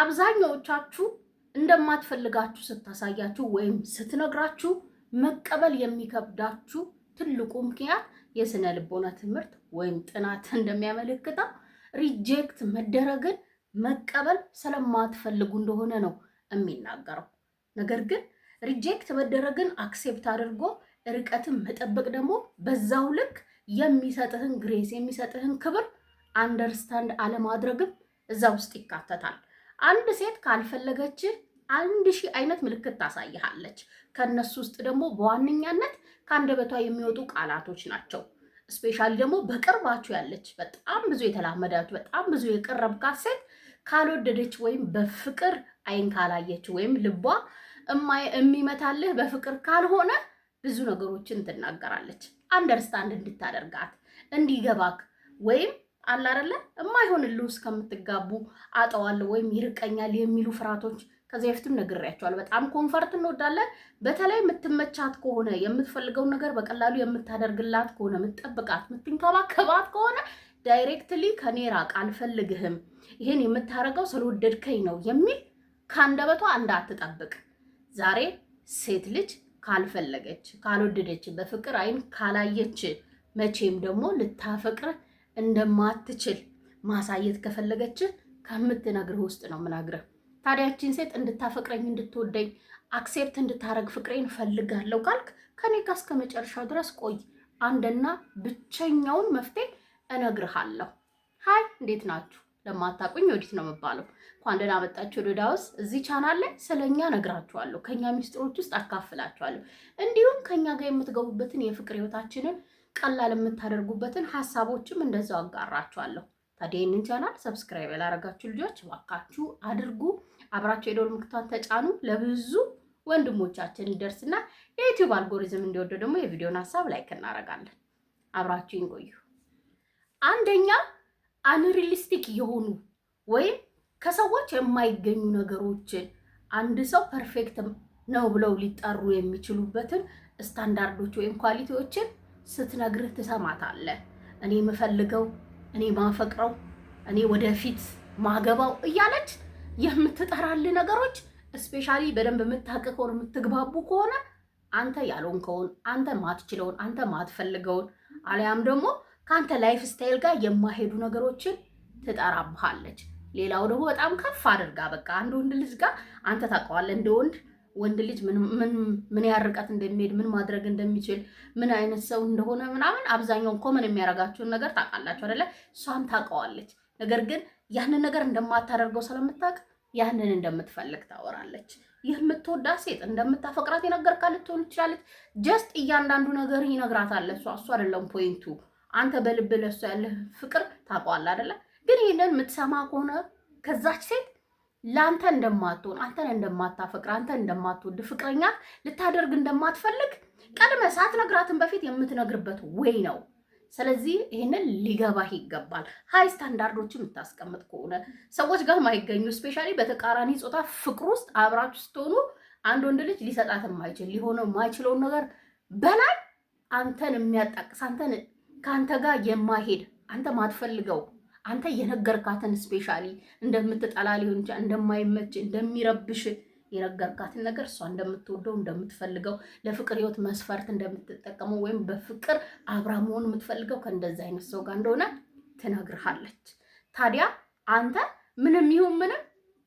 አብዛኛዎቻችሁ እንደማትፈልጋችሁ ስታሳያችሁ ወይም ስትነግራችሁ መቀበል የሚከብዳችሁ ትልቁ ምክንያት የስነ ልቦና ትምህርት ወይም ጥናት እንደሚያመለክተው ሪጀክት መደረግን መቀበል ስለማትፈልጉ እንደሆነ ነው የሚናገረው። ነገር ግን ሪጀክት መደረግን አክሴፕት አድርጎ ርቀትን መጠበቅ ደግሞ በዛው ልክ የሚሰጥህን ግሬስ የሚሰጥህን ክብር አንደርስታንድ አለማድረግም እዛ ውስጥ ይካተታል። አንድ ሴት ካልፈለገች አንድ ሺህ አይነት ምልክት ታሳይሃለች። ከነሱ ውስጥ ደግሞ በዋነኛነት ከአንደበቷ የሚወጡ ቃላቶች ናቸው። ስፔሻሊ ደግሞ በቅርባችሁ ያለች በጣም ብዙ የተላመዳችሁ በጣም ብዙ የቀረብካት ሴት ካልወደደች ወይም በፍቅር አይን ካላየች ወይም ልቧ የሚመታልህ በፍቅር ካልሆነ ብዙ ነገሮችን ትናገራለች። አንደርስታንድ እንድታደርጋት እንዲገባክ ወይም አለ አይደለ እማይሆንልህ እስከምትጋቡ አጠዋለሁ ወይም ይርቀኛል የሚሉ ፍርሃቶች ከዚህ በፊትም ነግሬያቸዋል። በጣም ኮንፈርት እንወዳለን። በተለይ የምትመቻት ከሆነ የምትፈልገውን ነገር በቀላሉ የምታደርግላት ከሆነ የምትጠብቃት፣ የምትንከባከባት ከሆነ ዳይሬክትሊ ከኔ ራቅ፣ አልፈልግህም፣ ይሄን የምታደርገው ስለወደድከኝ ነው የሚል ከአንደበቷ እንዳትጠብቅ። ዛሬ ሴት ልጅ ካልፈለገች፣ ካልወደደች፣ በፍቅር አይን ካላየች መቼም ደግሞ ልታፈቅርህ እንደማትችል ማሳየት ከፈለገች ከምትነግርህ ውስጥ ነው ምናግርህ። ታዲያችን ሴት እንድታፈቅረኝ እንድትወደኝ አክሴፕት እንድታረግ ፍቅሬን ፈልጋለሁ ካልክ ከኔ ጋር እስከ መጨረሻው ድረስ ቆይ። አንድና ብቸኛውን መፍትሄ እነግርሃለሁ። ሀይ እንዴት ናችሁ? ለማታቁኝ ወዲት ነው የምባለው። እንኳን ደህና መጣችሁ ዮድ እዚህ ቻናል ላይ ስለኛ ነግራችኋለሁ፣ ከኛ ሚስጥሮች ውስጥ አካፍላችኋለሁ። እንዲሁም ከኛ ጋር የምትገቡበትን የፍቅር ህይወታችንን ቀላል የምታደርጉበትን ሀሳቦችም እንደዛው አጋራችኋለሁ። ታዲያ ይህንን ቻናል ሰብስክራይብ ያላረጋችሁ ልጆች ባካችሁ አድርጉ። አብራችሁ የደወል ምልክቷን ተጫኑ። ለብዙ ወንድሞቻችን ይደርስና የዩቲዩብ አልጎሪዝም እንዲወደው ደግሞ የቪዲዮን ሀሳብ ላይክ እናደርጋለን። አብራችሁን ቆዩ። አንደኛ አንሪሊስቲክ የሆኑ ወይም ከሰዎች የማይገኙ ነገሮችን አንድ ሰው ፐርፌክት ነው ብለው ሊጠሩ የሚችሉበትን ስታንዳርዶች ወይም ኳሊቲዎችን ስትነግርህ ትሰማታለህ። እኔ የምፈልገው እኔ ማፈቅረው እኔ ወደፊት ማገባው እያለች የምትጠራልህ ነገሮች እስፔሻሊ በደንብ የምታውቅ ከሆነ የምትግባቡ ከሆነ አንተ ያልሆንከውን አንተ ማትችለውን አንተ ማትፈልገውን አሊያም ደግሞ ከአንተ ላይፍ ስታይል ጋር የማሄዱ ነገሮችን ትጠራብሃለች። ሌላው ደግሞ በጣም ከፍ አድርጋ በቃ አንድ ወንድ ልጅ ጋር አንተ ታውቀዋለህ እንደ ወንድ ወንድ ልጅ ምን ያህል ርቀት እንደሚሄድ ምን ማድረግ እንደሚችል ምን አይነት ሰው እንደሆነ ምናምን አብዛኛውን ኮመን የሚያደርጋችሁን ነገር ታውቃላችሁ አይደለ? እሷም ታውቀዋለች። ነገር ግን ያንን ነገር እንደማታደርገው ስለምታውቅ ያንን እንደምትፈልግ ታወራለች። ይህ የምትወዳ ሴት እንደምታፈቅራት የነገርካት ልትሆን ትችላለች። ጀስት እያንዳንዱ ነገር ይነግራታል። እሷ እሱ አይደለም ፖይንቱ። አንተ በልብ ለእሷ ያለህ ፍቅር ታውቀዋለህ አይደለ? ግን ይህንን የምትሰማ ከሆነ ከዛች ሴት ለአንተ እንደማትሆን አንተን እንደማታፈቅር አንተን እንደማትወድ ፍቅረኛ ልታደርግ እንደማትፈልግ ቀድመህ ሳትነግራትን በፊት የምትነግርበት ወይ ነው። ስለዚህ ይህንን ሊገባህ ይገባል። ሀይ ስታንዳርዶችን የምታስቀምጥ ከሆነ ሰዎች ጋር ማይገኙ እስፔሻሊ በተቃራኒ ጾታ ፍቅር ውስጥ አብራችሁ ስትሆኑ አንድ ወንድ ልጅ ሊሰጣት የማይችል ሊሆነው የማይችለውን ነገር በላይ አንተን የሚያጣቅስ አንተን ከአንተ ጋር የማይሄድ አንተ ማትፈልገው አንተ የነገርካትን ስፔሻሊ እንደምትጠላ ሊሆን ይችላል፣ እንደማይመች እንደሚረብሽ የነገርካትን ነገር እሷ እንደምትወደው እንደምትፈልገው ለፍቅር ህይወት መስፈርት እንደምትጠቀመው ወይም በፍቅር አብራ መሆን የምትፈልገው ከእንደዚ አይነት ሰው ጋር እንደሆነ ትነግርሃለች። ታዲያ አንተ ምንም ይሁን ምንም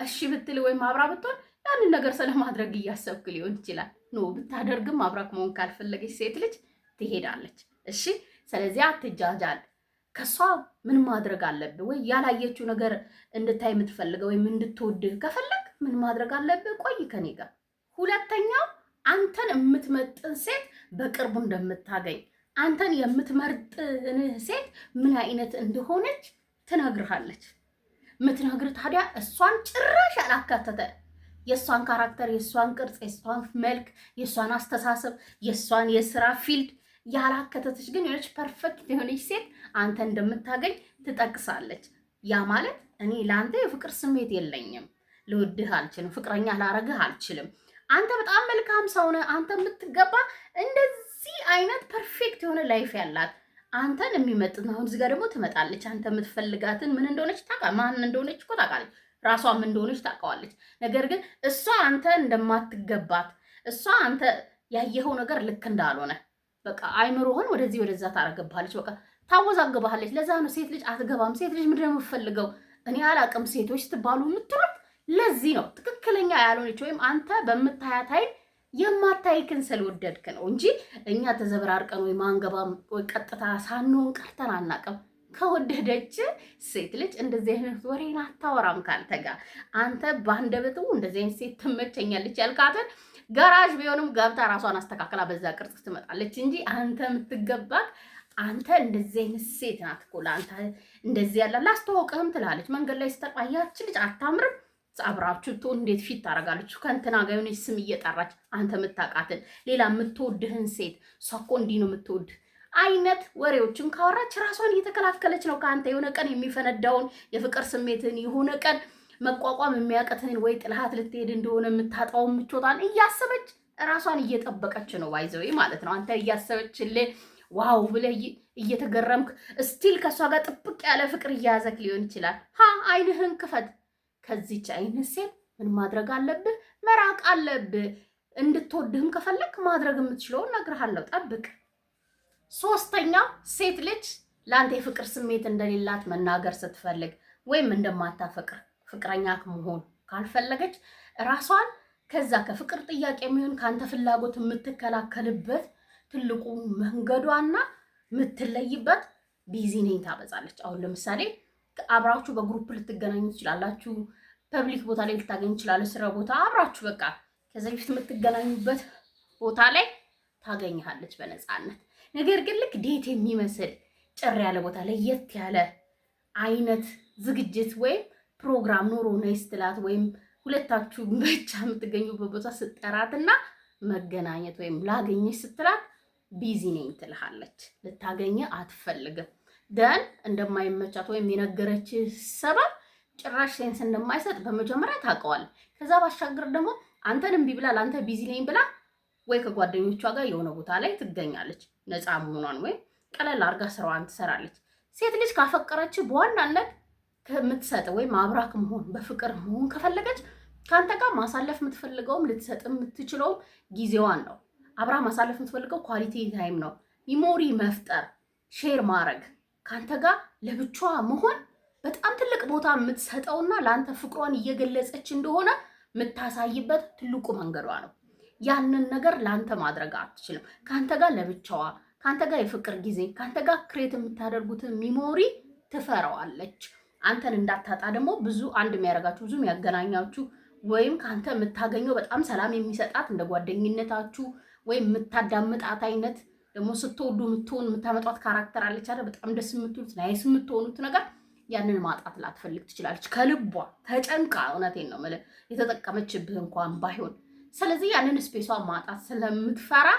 እሺ ብትል ወይም አብራ ብትሆን ያንን ነገር ስለማድረግ እያሰብክ ሊሆን ይችላል። ኖ ብታደርግም አብራክ መሆን ካልፈለገች ሴት ልጅ ትሄዳለች። እሺ፣ ስለዚያ አትጃጃል። ከሷ ምን ማድረግ አለብህ? ወይ ያላየችው ነገር እንድታይ የምትፈልገ ወይም እንድትወድህ ከፈለግ ምን ማድረግ አለብህ? ቆይ ከኔ ጋር። ሁለተኛው አንተን የምትመጥን ሴት በቅርቡ እንደምታገኝ አንተን የምትመርጥንህ ሴት ምን አይነት እንደሆነች ትነግርሃለች። ምትነግር ታዲያ እሷን ጭራሽ ያላካተተ የእሷን ካራክተር፣ የእሷን ቅርጽ፣ የእሷን መልክ፣ የእሷን አስተሳሰብ፣ የእሷን የስራ ፊልድ ያላከተተች ግን የሆነች ፐርፌክት የሆነች ሴት አንተ እንደምታገኝ ትጠቅሳለች። ያ ማለት እኔ ለአንተ የፍቅር ስሜት የለኝም፣ ልውድህ አልችልም፣ ፍቅረኛ ላረግህ አልችልም። አንተ በጣም መልካም ሰው ነህ። አንተ የምትገባ እንደዚህ አይነት ፐርፌክት የሆነ ላይፍ ያላት አንተን የሚመጥን አሁን እዚህ ጋር ደግሞ ትመጣለች። አንተ የምትፈልጋትን ምን እንደሆነች ታውቃለች፣ ማን እንደሆነች እኮ ታውቃለች፣ ምን እንደሆነች ታውቃዋለች። ነገር ግን እሷ አንተ እንደማትገባት እሷ አንተ ያየኸው ነገር ልክ እንዳልሆነ በቃ አይምሮህን ወደዚህ ወደዛ ታረገባለች። በቃ ታወዛግባለች። ለዛ ነው ሴት ልጅ አትገባም፣ ሴት ልጅ ምንድን ነው የምትፈልገው እኔ አላቅም ሴቶች ስትባሉ የምትሉት ለዚህ ነው። ትክክለኛ ያልሆነች ወይም አንተ በምታያት አይን የማታይክን ስለወደድክ ነው እንጂ እኛ ተዘበራርቀን ወይ ማንገባም ወይ ቀጥታ ሳንሆን ቀርተን አናቅም። ከወደደች ሴት ልጅ እንደዚህ አይነት ወሬን አታወራም ካንተ ጋር። አንተ በአንደበቱ እንደዚህ አይነት ሴት ትመቸኛለች ያልካትን ጋራዥ ቢሆንም ገብታ ራሷን አስተካክላ በዛ ቅርጽ ትመጣለች እንጂ አንተ የምትገባት አንተ እንደዚህ አይነት ሴት ናት እኮ ለአንተ እንደዚህ ያለ ላስተዋውቅህም ትላለች። መንገድ ላይ ስተቋያች ልጅ አታምርም። አብራችሁ ቶ እንዴት ፊት ታደርጋለች? ከእንትና ጋር የሆነች ስም እየጠራች አንተ የምታውቃትን ሌላ የምትወድህን ሴት እሷ እኮ እንዲህ ነው የምትወድህ አይነት ወሬዎችን ካወራች ራሷን እየተከላከለች ነው ከአንተ። የሆነ ቀን የሚፈነዳውን የፍቅር ስሜትን የሆነ ቀን መቋቋም የሚያቀትን ወይ ጥልሃት ልትሄድ እንደሆነ የምታጣውን ምቾታን እያሰበች ራሷን እየጠበቀች ነው። ባይዘዌ ማለት ነው አንተ እያሰበችልህ ዋው ብለህ እየተገረምክ እስቲል ከእሷ ጋር ጥብቅ ያለ ፍቅር እያያዘክ ሊሆን ይችላል። ሀ አይንህን ክፈት። ከዚች አይንህ ሴት ምን ማድረግ አለብህ? መራቅ አለብህ። እንድትወድህም ከፈለግ ማድረግ የምትችለውን እነግርሃለሁ፣ ጠብቅ። ሶስተኛ ሴት ልጅ ለአንተ የፍቅር ስሜት እንደሌላት መናገር ስትፈልግ ወይም እንደማታፈቅር ፍቅረኛ መሆን ካልፈለገች ራሷን ከዛ ከፍቅር ጥያቄ የሚሆን ከአንተ ፍላጎት የምትከላከልበት ትልቁ መንገዷና የምትለይበት ቢዚ ነኝ ታበዛለች። አሁን ለምሳሌ አብራችሁ በግሩፕ ልትገናኙ ትችላላችሁ። ፐብሊክ ቦታ ላይ ልታገኝ ትችላለች። ስራ ቦታ አብራችሁ በቃ ከዚህ በፊት የምትገናኙበት ቦታ ላይ ታገኝሃለች በነፃነት። ነገር ግን ልክ ዴት የሚመስል ጭር ያለ ቦታ ለየት ያለ አይነት ዝግጅት ወይም ፕሮግራም ኖሮ ነይ ስትላት ወይም ሁለታችሁ ብቻ የምትገኙበት ቦታ ስጠራትና መገናኘት ወይም ላገኘች ስትላት ቢዚ ነኝ ትልሃለች። ልታገኘ አትፈልግም። ደን እንደማይመቻት ወይም የነገረች ሰበብ ጭራሽ ሴንስ እንደማይሰጥ በመጀመሪያ ታውቀዋል። ከዛ ባሻገር ደግሞ አንተን እምቢ ብላ ለአንተ ቢዚ ነኝ ብላ ወይ ከጓደኞቿ ጋር የሆነ ቦታ ላይ ትገኛለች። ነፃ መሆኗን ወይም ቀለል አድርጋ ስራዋን ትሰራለች። ሴት ልጅ ካፈቀረች በዋናነት ከምትሰጥ ወይም አብራክ መሆን በፍቅር መሆን ከፈለገች ከአንተ ጋር ማሳለፍ የምትፈልገውም ልትሰጥ የምትችለውም ጊዜዋን ነው። አብራ ማሳለፍ የምትፈልገው ኳሊቲ ታይም ነው። ሚሞሪ መፍጠር፣ ሼር ማድረግ፣ ከአንተ ጋር ለብቻዋ መሆን በጣም ትልቅ ቦታ የምትሰጠውና ለአንተ ፍቅሯን እየገለጸች እንደሆነ የምታሳይበት ትልቁ መንገዷ ነው። ያንን ነገር ለአንተ ማድረግ አትችልም። ከአንተ ጋር ለብቻዋ፣ ከአንተ ጋር የፍቅር ጊዜ፣ ከአንተ ጋር ክሬት የምታደርጉትን ሚሞሪ ትፈረዋለች። አንተን እንዳታጣ ደግሞ ብዙ አንድ የሚያደርጋችሁ ብዙ የሚያገናኛችሁ ወይም ከአንተ የምታገኘው በጣም ሰላም የሚሰጣት እንደ ጓደኝነታችሁ ወይም የምታዳምጣት አይነት ደግሞ ስትወዱ የምትሆን የምታመጧት ካራክተር አለች አይደል? በጣም ደስ የምትሉት ናይስ የምትሆኑት ነገር ያንን ማጣት ላትፈልግ ትችላለች። ከልቧ ተጨንቃ እውነቴን ነው የምልህ የተጠቀመችብህ እንኳን ባይሆን። ስለዚህ ያንን ስፔሷን ማጣት ስለምትፈራ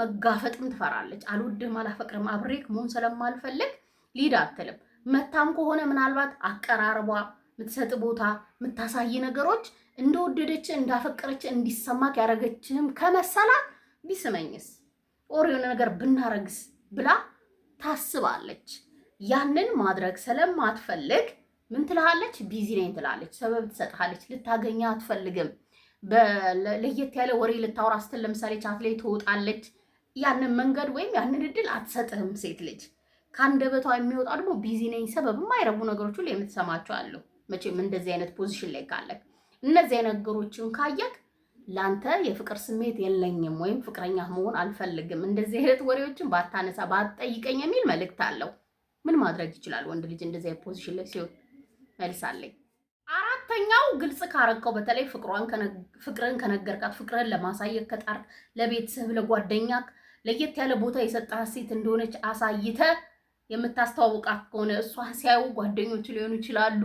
መጋፈጥም ትፈራለች። አልወድህም፣ አላፈቅርም፣ አብሬክ መሆን ስለማልፈልግ ሊድ አትልም። መታም ከሆነ ምናልባት አቀራርቧ፣ የምትሰጥ ቦታ፣ የምታሳይ ነገሮች እንደወደደች እንዳፈቀረች እንዲሰማት ያደረገችህም ከመሰላት ቢስመኝስ ኦር የሆነ ነገር ብናረግስ ብላ ታስባለች። ያንን ማድረግ ስለማትፈልግ ምን ትልሃለች? ቢዚ ነኝ ትላለች። ሰበብ ትሰጥሃለች። ልታገኛ አትፈልግም። ለየት ያለ ወሬ ልታወራ ስትል ለምሳሌ ቻት ላይ ትወጣለች። ያንን መንገድ ወይም ያንን እድል አትሰጥህም። ሴት ልጅ ከአንደበቷ የሚወጣ ደግሞ ቢዚ ነኝ፣ ሰበብ የማይረቡ ነገሮች ሁሉ የምትሰማቸው አሉ። መቼም እንደዚህ አይነት ፖዚሽን ላይ ካለ እነዚህ ነገሮችን ካየክ ላንተ የፍቅር ስሜት የለኝም ወይም ፍቅረኛ መሆን አልፈልግም፣ እንደዚህ አይነት ወሬዎችን ባታነሳ ባትጠይቀኝ የሚል መልእክት አለው። ምን ማድረግ ይችላል ወንድ ልጅ እንደዚህ ፖዚሽን ላይ ሲሆን? መልሳለኝ። አራተኛው ግልጽ ካረከው በተለይ ፍቅርን ከነገርካት፣ ፍቅርን ለማሳየት ከጣር ለቤተሰብ፣ ለጓደኛክ ለየት ያለ ቦታ የሰጠሃት ሴት እንደሆነች አሳይተ የምታስተዋውቃት ከሆነ እሷ ሲያዩ ጓደኞች ሊሆኑ ይችላሉ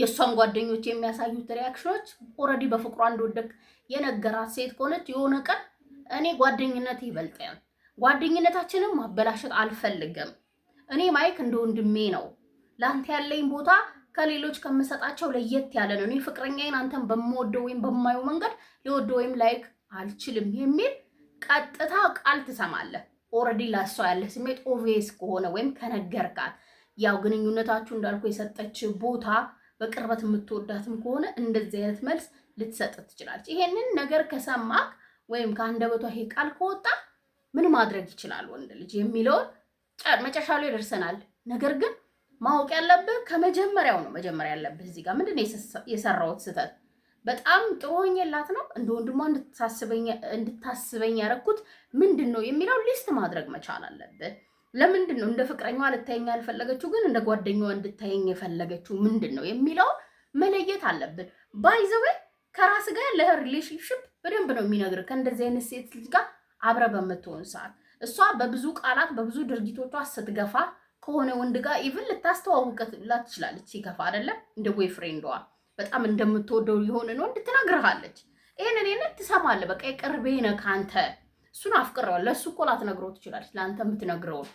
የእሷን ጓደኞች የሚያሳዩት ሪያክሽኖች ኦልሬዲ በፍቅሯ እንደወደቅ የነገራት ሴት ከሆነች የሆነ ቀን እኔ ጓደኝነት ይበልጣል፣ ጓደኝነታችንም ማበላሸት አልፈልግም፣ እኔ ማይክ እንደ ወንድሜ ነው፣ ለአንተ ያለኝ ቦታ ከሌሎች ከምሰጣቸው ለየት ያለ ነው፣ እኔ ፍቅረኛዬን አንተን በምወደው ወይም በማየው መንገድ ልወደው ወይም ላይክ አልችልም የሚል ቀጥታ ቃል ትሰማለህ። ኦልሬዲ ላሷ ያለ ስሜት ኦቬስ ከሆነ ወይም ከነገርካት ያው ግንኙነታችሁ እንዳልኩ የሰጠች ቦታ በቅርበት የምትወዳትም ከሆነ እንደዚህ አይነት መልስ ልትሰጥ ትችላለች። ይሄንን ነገር ከሰማክ ወይም ከአንደበቷ ይሄ ቃል ከወጣ ምን ማድረግ ይችላል ወንድ ልጅ የሚለውን መጨረሻ ላይ ደርሰናል። ነገር ግን ማወቅ ያለብህ ከመጀመሪያው ነው። መጀመሪያ ያለብህ እዚህ ጋር ምንድን ነው የሰራሁት ስህተት? በጣም ጥሩ ሆኜላት ነው እንደ ወንድሟ እንድታስበኝ ያደረኩት ምንድን ነው የሚለው ሊስት ማድረግ መቻል አለብህ። ለምንድን ነው እንደ ፍቅረኛ ልታየኝ ያልፈለገችው ግን እንደ ጓደኛዋ እንድታየኝ የፈለገችው ምንድን ነው የሚለው መለየት አለብን ባይዘወይ ከራስ ጋር ያለህ ሪሌሽንሽፕ በደንብ ነው የሚነግርህ። ከእንደዚህ አይነት ሴት ልጅ ጋር አብረ በምትሆን ሰዓት እሷ በብዙ ቃላት በብዙ ድርጊቶቿ ስትገፋ ከሆነ ወንድ ጋር ኢቭን ልታስተዋውቀትላት ትችላለች። ሲገፋ አይደለም እንደ ቦይ ፍሬንዷ በጣም እንደምትወደው የሆነን ወንድ ትነግርሃለች። ይህን እኔነት ትሰማለህ። በቃ የቅርቤ ነህ ከአንተ እሱን አፍቅረዋል። ለእሱ እኮ ላትነግረው ትችላለች፣ ለአንተ የምትነግረውን።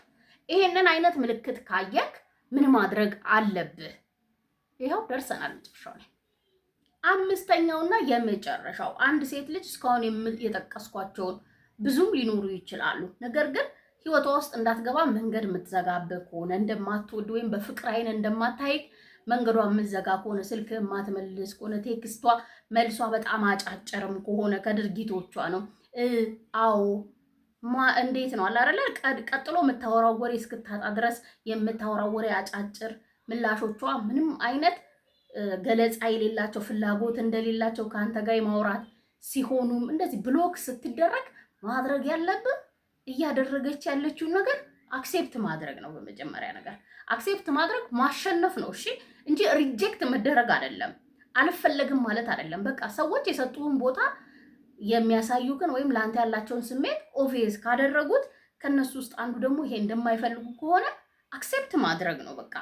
ይሄንን አይነት ምልክት ካየክ ምን ማድረግ አለብህ? ይኸው ደርሰናል መጨረሻው ላይ አምስተኛውና የመጨረሻው አንድ ሴት ልጅ እስካሁን የጠቀስኳቸውን ብዙም ሊኖሩ ይችላሉ። ነገር ግን ህይወቷ ውስጥ እንዳትገባ መንገድ የምትዘጋብህ ከሆነ እንደማትወድ ወይም በፍቅር አይን እንደማታይቅ መንገዷ የምትዘጋ ከሆነ ስልክ የማትመልስ ከሆነ ቴክስቷ መልሷ በጣም አጫጭርም ከሆነ ከድርጊቶቿ ነው። አዎ እንዴት ነው አላረለ ቀጥሎ የምታወራው ወሬ እስክታጣ ድረስ የምታወራው ወሬ አጫጭር ምላሾቿ ምንም አይነት ገለጻ የሌላቸው ፍላጎት እንደሌላቸው ከአንተ ጋር የማውራት ሲሆኑም እንደዚህ ብሎክ ስትደረግ ማድረግ ያለብህ እያደረገች ያለችውን ነገር አክሴፕት ማድረግ ነው። በመጀመሪያ ነገር አክሴፕት ማድረግ ማሸነፍ ነው፣ እሺ እንጂ ሪጀክት መደረግ አይደለም። አልፈለግም ማለት አይደለም። በቃ ሰዎች የሰጡህን ቦታ ግን ወይም ለአንተ ያላቸውን ስሜት ኦቪየስ ካደረጉት ከነሱ ውስጥ አንዱ ደግሞ ይሄ እንደማይፈልጉ ከሆነ አክሴፕት ማድረግ ነው በቃ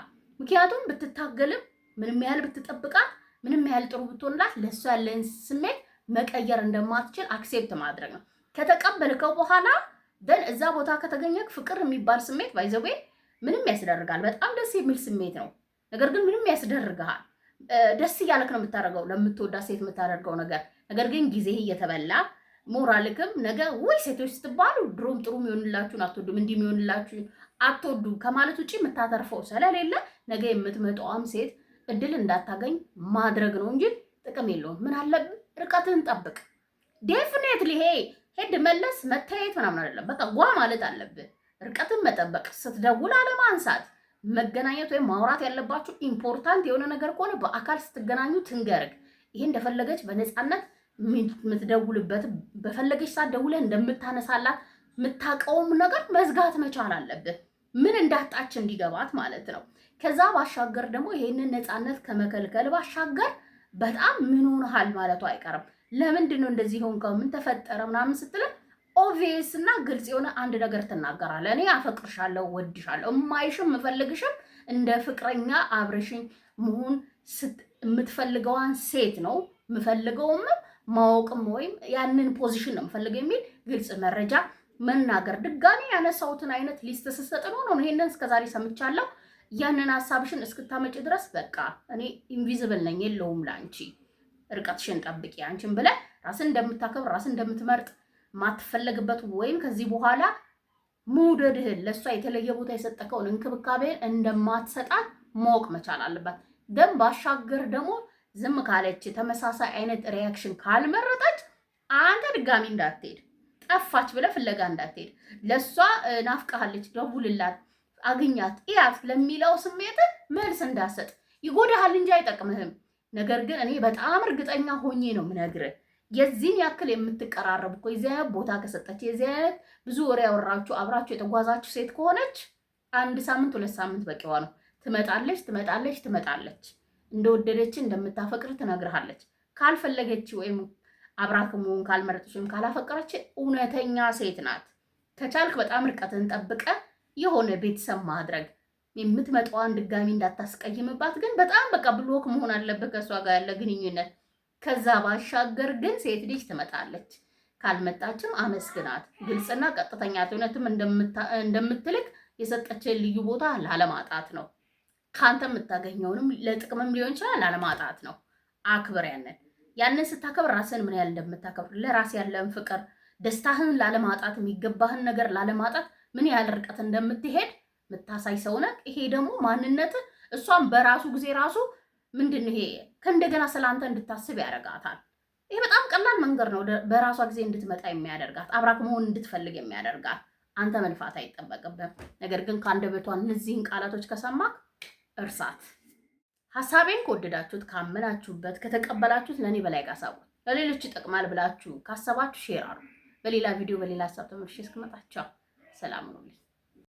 ምክንያቱም ብትታገልም ምንም ያህል ብትጠብቃት፣ ምንም ያህል ጥሩ ብትሆንላት ለእሷ ያለን ስሜት መቀየር እንደማትችል አክሴፕት ማድረግ ነው። ከተቀበልከው በኋላ ደን እዛ ቦታ ከተገኘክ ፍቅር የሚባል ስሜት ባይዘዌ ምንም ያስደርጋል። በጣም ደስ የሚል ስሜት ነው። ነገር ግን ምንም ያስደርግሃል። ደስ እያለክ ነው የምታደርገው ለምትወዳት ሴት የምታደርገው ነገር። ነገር ግን ጊዜህ እየተበላ ሞራልክም ነገ ወይ ሴቶች ስትባሉ ድሮም ጥሩ የሚሆንላችሁን አትወዱም፣ እንዲህ የሚሆንላችሁን አትወዱም ከማለት ውጭ የምታተርፈው ስለሌለ ነገ የምትመጣዋም ሴት እድል እንዳታገኝ ማድረግ ነው እንጂ ጥቅም የለውም። ምን አለ ርቀትህን ጠብቅ። ዴፍኔትሊ ይሄ ሄድ መለስ መታየት ምናምን አይደለም። በቃ ጓ ማለት አለብህ። ርቀትን መጠበቅ፣ ስትደውል አለማንሳት፣ መገናኘት ወይም ማውራት ያለባችሁ ኢምፖርታንት የሆነ ነገር ከሆነ በአካል ስትገናኙ ትንገርግ። ይሄ እንደፈለገች በነፃነት የምትደውልበት በፈለገች ሳት ደውለህ እንደምታነሳላት የምታውቀውም ነገር መዝጋት መቻል አለብን። ምን እንዳጣች እንዲገባት ማለት ነው። ከዛ ባሻገር ደግሞ ይሄንን ነፃነት ከመከልከል ባሻገር በጣም ምን ሆነሃል ማለቱ አይቀርም። ለምንድን ነው እንደዚህ ሆንከው? ምን ተፈጠረ? ምናምን ስትል ኦቪየስ እና ግልጽ የሆነ አንድ ነገር ትናገራለህ። እኔ አፈቅርሻለሁ፣ ወድሻለሁ፣ እማይሽም እፈልግሽም እንደ ፍቅረኛ አብረሽኝ መሆን የምትፈልገዋን ሴት ነው የምፈልገውም ማወቅም ወይም ያንን ፖዚሽን ነው የምፈልገው የሚል ግልጽ መረጃ መናገር ድጋሚ ያነሳሁትን አይነት ሊስት ስሰጥ ነው ነው ይሄንን እስከዛሬ ሰምቻለሁ። ያንን ሀሳብሽን እስክታመጪ ድረስ በቃ እኔ ኢንቪዝብል ነኝ የለውም ለአንቺ እርቀትሽን ጠብቂ አንቺን ብለ ራስን እንደምታከብር ራስን እንደምትመርጥ ማትፈለግበት ወይም ከዚህ በኋላ መውደድህን ለእሷ የተለየ ቦታ የሰጠከውን እንክብካቤን እንደማትሰጣት ማወቅ መቻል አለባት። ደም ባሻገር ደግሞ ዝም ካለች ተመሳሳይ አይነት ሪያክሽን ካልመረጠች አንተ ድጋሚ እንዳትሄድ ጠፋች ብለህ ፍለጋ እንዳትሄድ። ለእሷ ናፍቃሃለች፣ ደውልላት፣ አግኛት፣ እያት ለሚለው ስሜት መልስ እንዳሰጥ ይጎዳሃል እንጂ አይጠቅምህም። ነገር ግን እኔ በጣም እርግጠኛ ሆኜ ነው ምነግርህ የዚህን ያክል የምትቀራረብ እኮ የዚህ አይነት ቦታ ከሰጠች የዚህ አይነት ብዙ ወሬ ያወራችሁ አብራችሁ የተጓዛችሁ ሴት ከሆነች አንድ ሳምንት ሁለት ሳምንት በቂዋ ነው። ትመጣለች ትመጣለች ትመጣለች እንደወደደች እንደምታፈቅር ትነግርሃለች። ካልፈለገች ወይም አብራክ መሆን ካልመረጠችም ካላፈቀረች እውነተኛ ሴት ናት። ከቻልክ በጣም ርቀትን ጠብቀ የሆነ ቤተሰብ ማድረግ የምትመጣዋን ድጋሚ እንዳታስቀይምባት፣ ግን በጣም በቃ ብሎክ መሆን አለበት ከእሷ ጋር ያለ ግንኙነት። ከዛ ባሻገር ግን ሴት ልጅ ትመጣለች። ካልመጣችም አመስግናት። ግልጽና ቀጥተኛ እውነትም እንደምትልክ የሰጠችን ልዩ ቦታ ላለማጣት ነው። ከአንተ የምታገኘውንም ለጥቅምም ሊሆን ይችላል ላለማጣት ነው። አክብር ያንን ያንን ስታከብር ራስን ምን ያህል እንደምታከብር ለራስ ያለን ፍቅር፣ ደስታህን ላለማጣት፣ የሚገባህን ነገር ላለማጣት ምን ያህል ርቀት እንደምትሄድ ምታሳይ ሰው ነህ። ይሄ ደግሞ ማንነት እሷን በራሱ ጊዜ ራሱ ምንድን ይሄ ከእንደገና ስለአንተ እንድታስብ ያደርጋታል። ይሄ በጣም ቀላል መንገድ ነው፣ በራሷ ጊዜ እንድትመጣ የሚያደርጋት አብራክ መሆን እንድትፈልግ የሚያደርጋት። አንተ መልፋት አይጠበቅብህም። ነገር ግን ከአንደበቷ እነዚህን ቃላቶች ከሰማክ እርሳት። ሀሳቤን ከወደዳችሁት፣ ካመናችሁበት፣ ከተቀበላችሁት ለእኔ በላይ አሳውቁ። ለሌሎች ይጠቅማል ብላችሁ ካሰባችሁ ሼር አሉ። በሌላ ቪዲዮ በሌላ ሀሳብ ተመልሼ እስክመጣ ሰላም ነው።